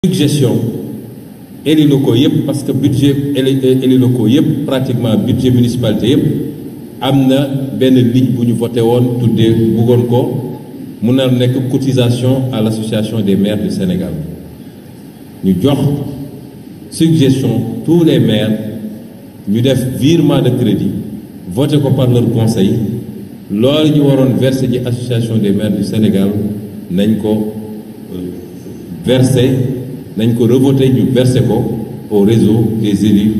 ak gestion élus locaux yëpp parce que budget élus locaux yëpp pratiquement budget municipalité yëpp am na benn ligne bu ñu voté woon tuddee bëggoon ko mun na nekk cotisation à l'association des maire du Sénégal ñu jox suggestion tous les maires ñu def virement de crédit voté ko par leur conseil loolu ñu waroon versé ji association des maire du Sénégal nañ ko euh, versé nañ ko revoté ñu versé ko au réseau des élus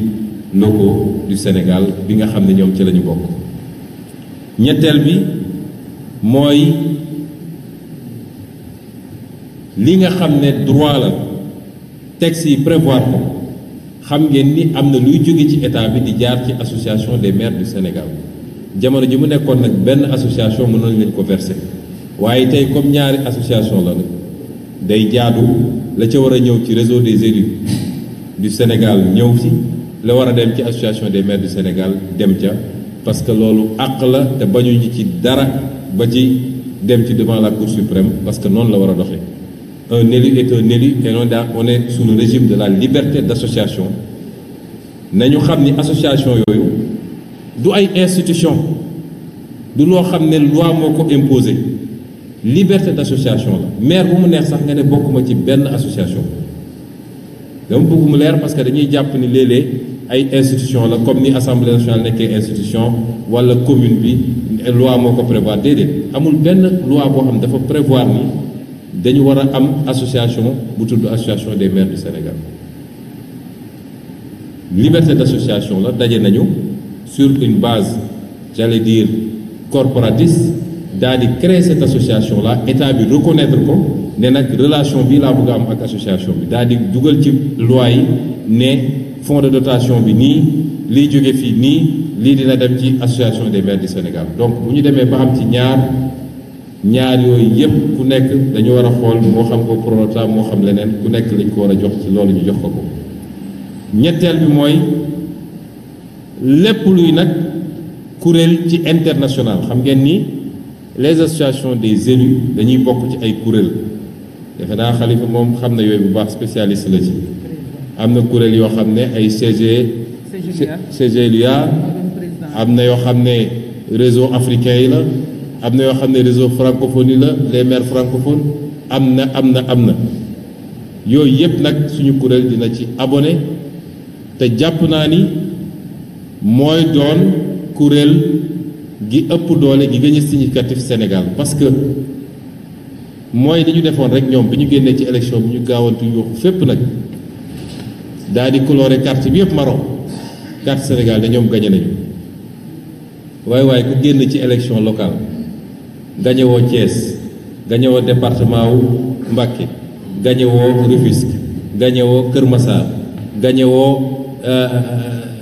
locaux du Sénégal bi nga xam ne ñoom ci la ñu bokk ñetteel bi mooy li nga xam ne droit la texte yi prévoir ko xam ngeen ni am na luy jóge ci état bi di jaar ci association des maires du Sénégal jamono ji mu nekkoon nag benn association mënoon nañ ko verser waaye tey comme ñaari association la day jaadu la ca war a ñëw ci réseau des élus du Sénégal ñëw ci la war a dem ci association des maires du Sénégal dem ca parce que loolu àq la te bañuñu ci dara ba ci dem ci devant la Cour suprême parce que noonu la war a doxe un élu est un élu et non daa on est sous régime de la liberté d'association nañu xam ni association yooyu du ay institution du loo xam ne loi moo ko imposé liberté d'association la maire bu mu neex sax nga ne bokkuma ci benn association dama bëgg mu leer parce que dañuy jàpp ni léeg-léeg ay institution la comme ni assemblée nationale nekkee institution wala commune bi loi moo ko prévoir déedéet amul benn loi boo xam dafa prévoir ni dañu war a am association bu tudd association des maires du Sénégal liberté d'association la daje nañu sur une base j'allais dire corporatiste daal di créer cette association là état bi reconnaître ko ne nag relation bi laa bugg am ak association bi daal di dugal ci loi yi ne fonds de dotation bi nii lii jóge fii nii lii dina dem ci association des maires de Sénégal donc bu ñu demee ba am ci ñaar ñaar yooyu yépp ku nekk dañu war a xool moo xam ko prorata moo xam leneen ku nekk lañ ko war a jox ci loolu ñu jox ko ko ñetteel bi mooy lépp luy nag kuréel ci international xam ngeen nii les associations des élus dañuy bokk ci ay kuréel defe naa xalifa moom xam na yooyu bu baax spécialiste la ci am na kuréel yoo xam ne ay CG CGLUA am na yoo xam ne réseau africain yi la am na yoo xam ne réseau francophonie la les maires francophones am na am na am na yooyu yëpp nag suñu kuréel dina ci abonné te jàpp naa ni mooy doon kuréel gi ëpp doole gi gën a significatif Sénégal parce que mooy li defoon rek ñoom bi ñu génnee ci élection bi ñu gaawantu yuuxu fépp nag daal di coloré carte bi yëpp marron carte Sénégal ne ñoom gañe nañu waaye waaye ku génn ci élection locale gañe woo Thiès gañe département wu Mbacké gañe woo Rufisque kërmasa woo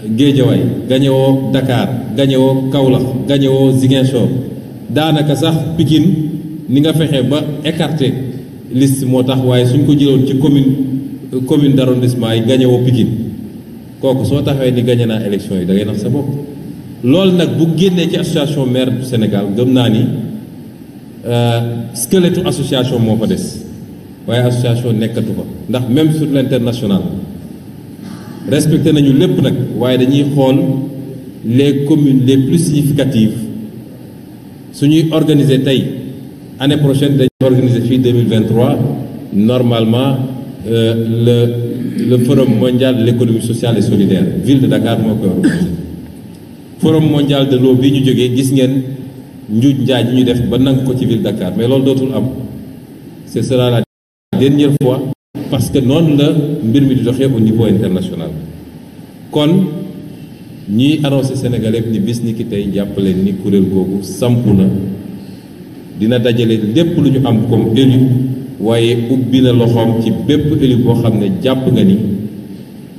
Géejawaay gañe woo Dakar gañe woo Kaolack gañe woo daanaka sax Pikine ni nga fexe ba écarté liste moo tax waaye suñ ko jëloon ci commune commune d'arrondissement yi gañe woo kooku soo taxawee ni gañe naa élection yi dangay ngay nax sa bopp loolu nag bu génnee ci association maire du Sénégal gëm naa ni euh, squelettu association moo fa des waaye association nekkatu fa ndax même sur l'international respecté nañu lépp nag waaye dañuy xool les communes les plus significatives suñuy organiser tey année prochaine dañuy organiser fii 2023 normalement euh, le le forum mondial de l'économie sociale et solidaire ville de Dakar moo koy organiser forum mondial de l'eau bii ñu jógee gis ngeen njuuj njaaj ñu def ba nangu ko ci ville Dakar mais loolu dootul am ce sera la dernière fois parce que noonu la mbir mi di doxee au niveau international kon ñiy annoncé Sénégalais ni bis niki tey jàppale ni kuréel googu sampu na dina dajale lépp lu ñu am comme élu waaye ubbi na loxoom ci bépp élu boo xam ne jàpp nga ni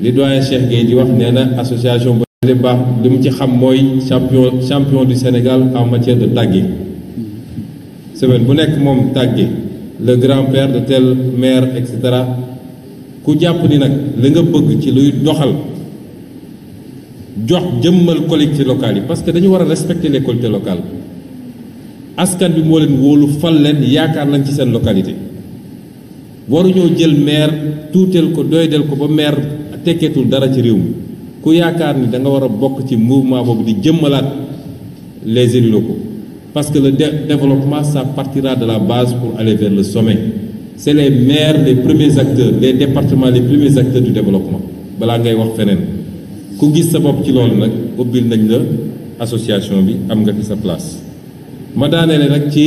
li doyen Cheikh Gueye di wax nee na association bu baax li mu ci xam mooy champion champion du Sénégal en matière de tàgge semaine bu nekk moom tàgge le grand-père de tel maire et cetera ku jàpp ni nag li nga bëgg ci luy doxal jox jëmmal collectivités local yi parce que dañu war a respecter les collectivités askan bi moo leen wóolu fal leen yaakaar nañ ci seen localité waruñoo jël maire tuuteel ko doydel ko ba maire tekkeetul dara ci réew mi ku yaakaar ni da nga war a bokk ci mouvement boobu di jëmmalaat les élus locaux parce que le développement ça partira de la base pour aller vers le sommet c'est les maires les premiers acteurs les départements les premiers acteurs du développement balaa ngay wax feneen ku gis sa bopp ci loolu nag ubbil nañ la association bi am nga fi sa place ma daaneele nag ci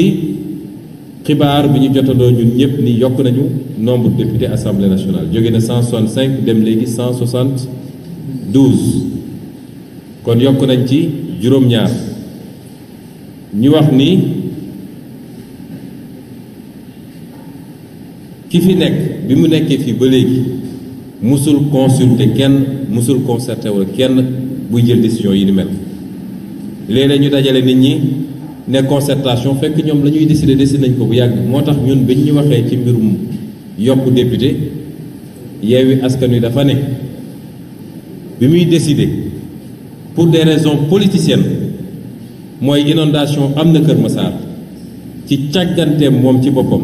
xibaar bi ñu jotandoo ñun ñëpp ni yokk nañu nombre de députés assemblée nationale jóge na cent 165 dem léegi cent 172 kon yokk nañ ci juróom-ñaar ñu wax ni ki fi nekk bi mu nekkee fii ba léegi musul consulter kenn musul concerté wala kenn buy jël décision yi ni mel léeg-léeg ñu dajale nit ñi ne concertation fekk ñoom la ñuy décider décider nañ ko bu yàgg moo tax ñun biñ ñu waxee ci mbirum yokku député Yewwi Askan Wi dafa ne bi muy décider pour des raisons politiciennes mooy inondation am na Kër Massar ci càgganteem moom ci boppam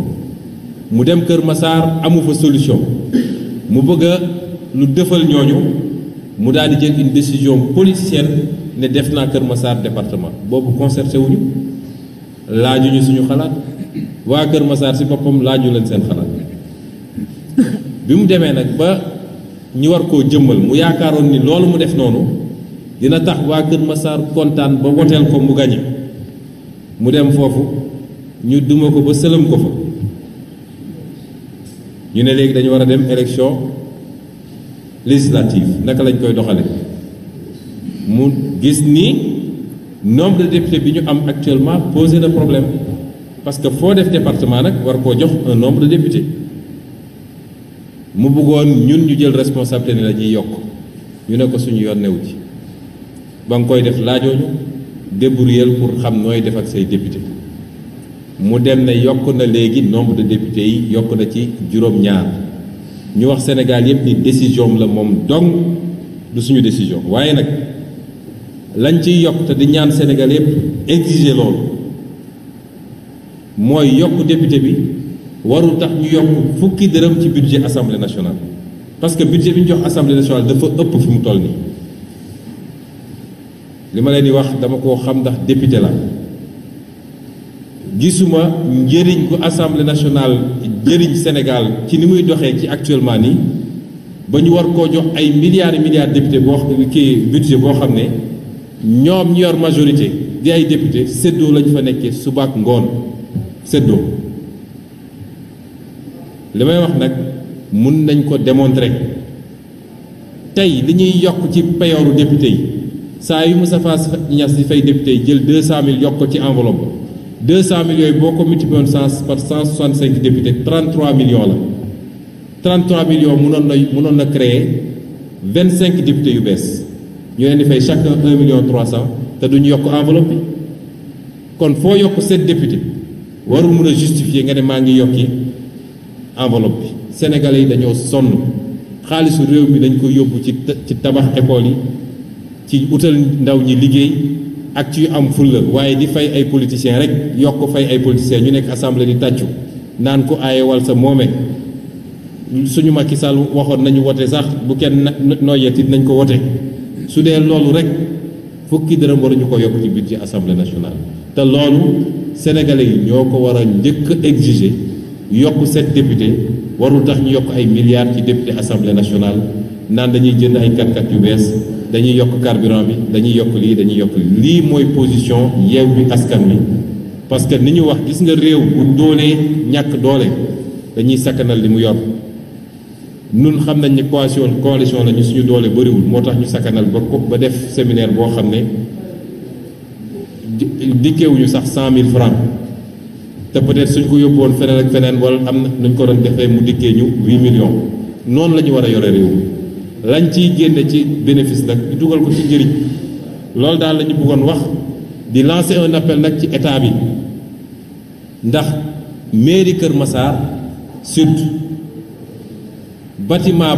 mu dem Kër masaar amu fa solution mu bëgg a lu defal ñooñu mu daal di jël une décision politicienne ne def naa Kër Massar département boobu concerté wuñu laajuñu suñu xalaat waa Kër masaar si boppam laaju leen seen xalaat bi mu demee nag ba ñu war ko jëmmal mu yaakaaroon ni loolu mu def noonu dina tax waa Kër Massar kontaan ba woteel ko mu gañe mu dem foofu ñu duma ko ba sëlëm ko fa ñu ne léegi dañu war a dem élection législative naka lañ koy doxale mu gis ni nombre de député bi ñu am actuellement posé na problème parce que foo def département nag war koo jox un nombre de députés mu bëggoon ñun ñu jël responsabilité ne la ñuy yokk ñu ne ko suñu yoon newu ci ba nga koy def laajooñu débrouiller pour xam nooy def ak say député mu dem ne yokk na léegi nombre de députés yi yokk na ci juróom-ñaar ñu wax Sénégal yëpp ni décision la moom dong du suñu décision waaye nag lañ ci yokk te di ñaan Sénégal yëpp exiger loolu mooy yokk député bi warul tax ñu yokk fukki dërëm ci budget assemblée nationale. parce que budget bi ñu jox assemblée nationale dafa ëpp fi mu toll nii li ma leen di wax dama koo xam ndax député la. gisuma njëriñ bu assemblée nationale jëriñ Sénégal ci ni muy doxee ci actuellement nii ba ñu war koo jox ay milliards et milliards député boo kii budget boo xam ne ñoom ñu yor majorité di ay député séddoo lañu fa nekke subaak ngoon séddoo li may wax nag mun nañ ko démontrer tey li ñuy yokk ci peyooru député yi saa yu Moustapha Niasse di fay député yi jël deux cent mille yokk ci enveloppe 200 millions yooyu boo ko multiplié woon cent par 165 députés 33 millions la 33 millions mënoon na mënoon na créer 25 députés yu bees ñu leen di fay chacun 1 te duñu yokk enveloppe bi kon foo yokk 7 députés warul mën a justifier nga ne maa ngi yokki enveloppe bi sénégalais yi dañoo sonn xaalisu réew mi dañ ko yóbbu ci ci tabax école yi ci utal ndaw ñi liggéey. ak ci yu am fulla waaye di fay ay politiciens rek yokk fay ay politiciens ñu nekk assemblée di tàccu naan ko aayewal sa moome suñu Macky Sall waxoon nañu wote sax bu kenn noyyeeti nañ ko wote su dee loolu rek fukki dërëm waruñu ko yokk ci budget assemblée nationale te loolu sénégalais yi ñoo ko war a njëkk a yokk sept député warul tax ñu yokk ay milliards ci député assemblée nationale naan dañuy jënd ay katkat yu bees dañuy yokk carburant bi dañuy yokk lii dañuy yokk lii lii mooy position bi Askan Wi parce que ni ñu wax gis nga réew bu doolee ñàkk doole dañuy sakkanal li mu yor nun xam nañ ni coalition coalition la ñu suñu doole bariwul moo tax ñu sakkanal ba ko ba def séminaire boo xam ne dikkewuñu sax cent mille francs te peut suñ ko yóbbuwoon feneen ak feneen wala am na nuñ ko doon defee mu dikkee ñu huit millions noonu la ñu war a yore réew lañ ciy génne ci bénéfice nag di dugal ko ci njëriñ loolu daal la ñu bëggoon wax di lancé un appel nag ci état bi ndax mairie Kër Massar surtout bâtiment